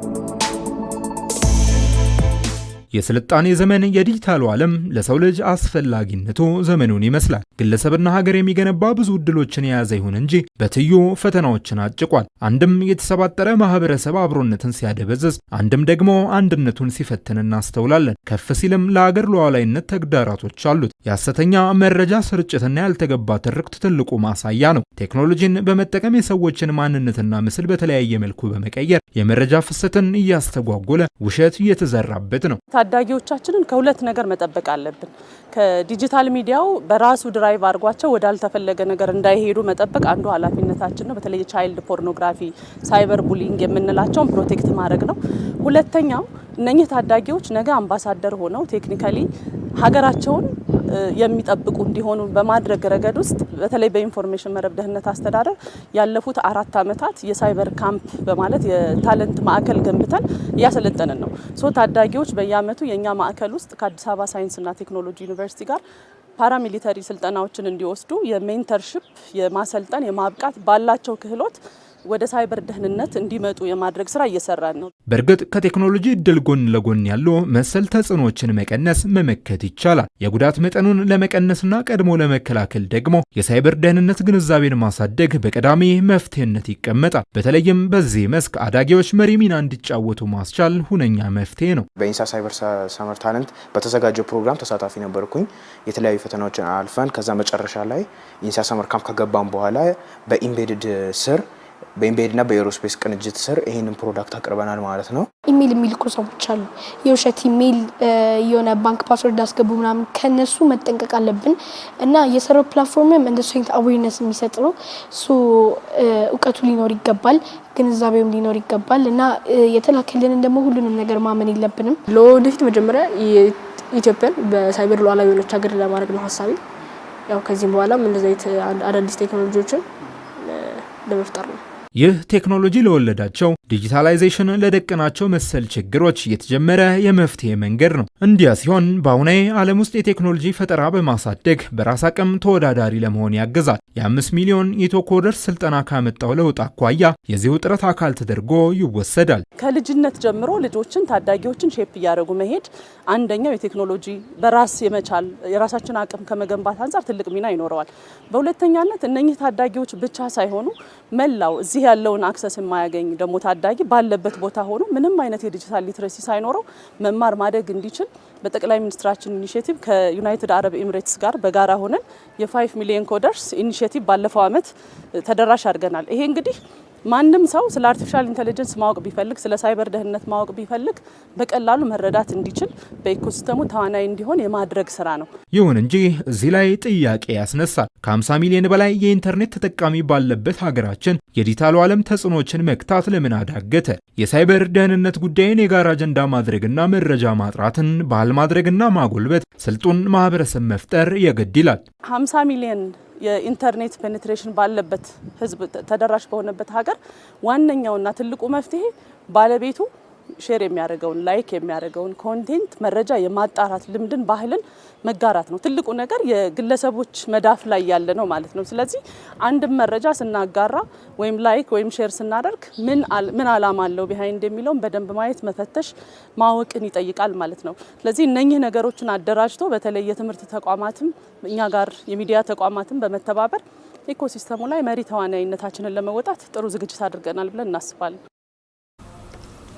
Thank you የስልጣኔ ዘመን የዲጂታሉ ዓለም ለሰው ልጅ አስፈላጊነቱ ዘመኑን ይመስላል። ግለሰብና ሀገር የሚገነባ ብዙ እድሎችን የያዘ ይሁን እንጂ በትዩ ፈተናዎችን አጭቋል። አንድም የተሰባጠረ ማህበረሰብ አብሮነትን ሲያደበዝዝ፣ አንድም ደግሞ አንድነቱን ሲፈትን እናስተውላለን። ከፍ ሲልም ለአገር ሉዓላዊነት ተግዳራቶች አሉት። የሐሰተኛ መረጃ ስርጭትና ያልተገባ ትርክት ትልቁ ማሳያ ነው። ቴክኖሎጂን በመጠቀም የሰዎችን ማንነትና ምስል በተለያየ መልኩ በመቀየር የመረጃ ፍሰትን እያስተጓጎለ ውሸት እየተዘራበት ነው። ታዳጊዎቻችንን ከሁለት ነገር መጠበቅ አለብን። ከዲጂታል ሚዲያው በራሱ ድራይቭ አድርጓቸው ወዳልተፈለገ ነገር እንዳይሄዱ መጠበቅ አንዱ ኃላፊነታችን ነው። በተለይ ቻይልድ ፖርኖግራፊ፣ ሳይበር ቡሊንግ የምንላቸውን ፕሮቴክት ማድረግ ነው። ሁለተኛው እነኚህ ታዳጊዎች ነገ አምባሳደር ሆነው ቴክኒካሊ ሀገራቸውን የሚጠብቁ እንዲሆኑ በማድረግ ረገድ ውስጥ በተለይ በኢንፎርሜሽን መረብ ደህንነት አስተዳደር ያለፉት አራት ዓመታት የሳይበር ካምፕ በማለት የታለንት ማዕከል ገንብተን እያሰለጠንን ነው። ሶ ታዳጊዎች በየዓመቱ የእኛ ማዕከል ውስጥ ከአዲስ አበባ ሳይንስና ቴክኖሎጂ ዩኒቨርሲቲ ጋር ፓራሚሊተሪ ስልጠናዎችን እንዲወስዱ የሜንተርሽፕ የማሰልጠን የማብቃት ባላቸው ክህሎት ወደ ሳይበር ደህንነት እንዲመጡ የማድረግ ስራ እየሰራን ነው። በእርግጥ ከቴክኖሎጂ እድል ጎን ለጎን ያሉ መሰል ተጽዕኖችን መቀነስ መመከት ይቻላል። የጉዳት መጠኑን ለመቀነስና ቀድሞ ለመከላከል ደግሞ የሳይበር ደህንነት ግንዛቤን ማሳደግ በቀዳሚ መፍትሄነት ይቀመጣል። በተለይም በዚህ መስክ አዳጊዎች መሪ ሚና እንዲጫወቱ ማስቻል ሁነኛ መፍትሄ ነው። በኢንሳ ሳይበር ሰመር ታለንት በተዘጋጀው ፕሮግራም ተሳታፊ ነበርኩኝ። የተለያዩ ፈተናዎችን አልፈን ከዛ መጨረሻ ላይ ኢንሳ ሰመር ካምፕ ከገባን በኋላ በኢምቤድድ ስር በኤምቤድ በኤሮስፔስ ቅንጅት ስር ይህንን ፕሮዳክት አቅርበናል ማለት ነው። ኢሜል የሚልኩ ሰዎች አሉ። የውሸት ኢሜል የሆነ ባንክ ፓስወርድ አስገቡ ምናምን፣ ከነሱ መጠንቀቅ አለብን እና የሰራው ፕላትፎርምም እንደሱ አይነት አዌርነስ የሚሰጥ ነው። እሱ እውቀቱ ሊኖር ይገባል፣ ግንዛቤውም ሊኖር ይገባል እና የተላከልንን ደግሞ ሁሉንም ነገር ማመን የለብንም። ለወደፊት መጀመሪያ ኢትዮጵያን በሳይበር ሉዓላዊ የሆነች ሀገር ለማድረግ ነው ሀሳቢ። ያው ከዚህም በኋላም እንደዚ አይነት አዳዲስ ቴክኖሎጂዎችን ለመፍጠር ነው። ይህ ቴክኖሎጂ ለወለዳቸው ዲጂታላይዜሽን ለደቀናቸው መሰል ችግሮች የተጀመረ የመፍትሄ መንገድ ነው። እንዲያ ሲሆን በአሁናዊ ዓለም ውስጥ የቴክኖሎጂ ፈጠራ በማሳደግ በራስ አቅም ተወዳዳሪ ለመሆን ያግዛል። የአምስት ሚሊዮን ኢትዮኮደርስ ስልጠና ካመጣው ለውጥ አኳያ የዚህ ውጥረት አካል ተደርጎ ይወሰዳል። ከልጅነት ጀምሮ ልጆችን፣ ታዳጊዎችን ሼፕ እያደረጉ መሄድ አንደኛው የቴክኖሎጂ በራስ የመቻል የራሳችን አቅም ከመገንባት አንጻር ትልቅ ሚና ይኖረዋል። በሁለተኛነት እነኚህ ታዳጊዎች ብቻ ሳይሆኑ መላው እዚህ ያለውን አክሰስ የማያገኝ ደግሞ ታዳጊ ባለበት ቦታ ሆኖ ምንም አይነት የዲጂታል ሊትረሲ ሳይኖረው መማር ማደግ እንዲችል ሆነን በጠቅላይ ሚኒስትራችን ኢኒሽቲቭ ከዩናይትድ አረብ ኤምሬትስ ጋር በጋራ ሆነን የፋይቭ ሚሊዮን ኮደርስ ኢኒሽቲቭ ባለፈው አመት ተደራሽ አድርገናል። ይሄ እንግዲህ ማንም ሰው ስለ አርቲፊሻል ኢንተለጀንስ ማወቅ ቢፈልግ ስለ ሳይበር ደህንነት ማወቅ ቢፈልግ በቀላሉ መረዳት እንዲችል በኢኮሲስተሙ ተዋናይ እንዲሆን የማድረግ ስራ ነው። ይሁን እንጂ እዚህ ላይ ጥያቄ ያስነሳል። ከ50 ሚሊዮን በላይ የኢንተርኔት ተጠቃሚ ባለበት ሀገራችን የዲጂታሉ ዓለም ተጽዕኖችን መግታት ለምን አዳገተ? የሳይበር ደህንነት ጉዳይን የጋራ አጀንዳ ማድረግና መረጃ ማጥራትን ባህል ማድረግና ማጎልበት ስልጡን ማህበረሰብ መፍጠር የግድ ይላል። 50 ሚሊዮን የኢንተርኔት ፔኔትሬሽን ባለበት ህዝብ ተደራሽ በሆነበት ሀገር ዋነኛውና ትልቁ መፍትሄ ባለቤቱ ሼር የሚያደርገውን ላይክ የሚያደርገውን ኮንቴንት መረጃ የማጣራት ልምድን፣ ባህልን መጋራት ነው። ትልቁ ነገር የግለሰቦች መዳፍ ላይ ያለ ነው ማለት ነው። ስለዚህ አንድም መረጃ ስናጋራ ወይም ላይክ ወይም ሼር ስናደርግ ምን አላማ አለው ቢሃይንድ የሚለውን በደንብ ማየት፣ መፈተሽ፣ ማወቅን ይጠይቃል ማለት ነው። ስለዚህ እነኚህ ነገሮችን አደራጅቶ በተለይ የትምህርት ተቋማትም እኛ ጋር የሚዲያ ተቋማትም በመተባበር ኢኮሲስተሙ ላይ መሪ ተዋናይነታችንን ለመወጣት ጥሩ ዝግጅት አድርገናል ብለን እናስባለን።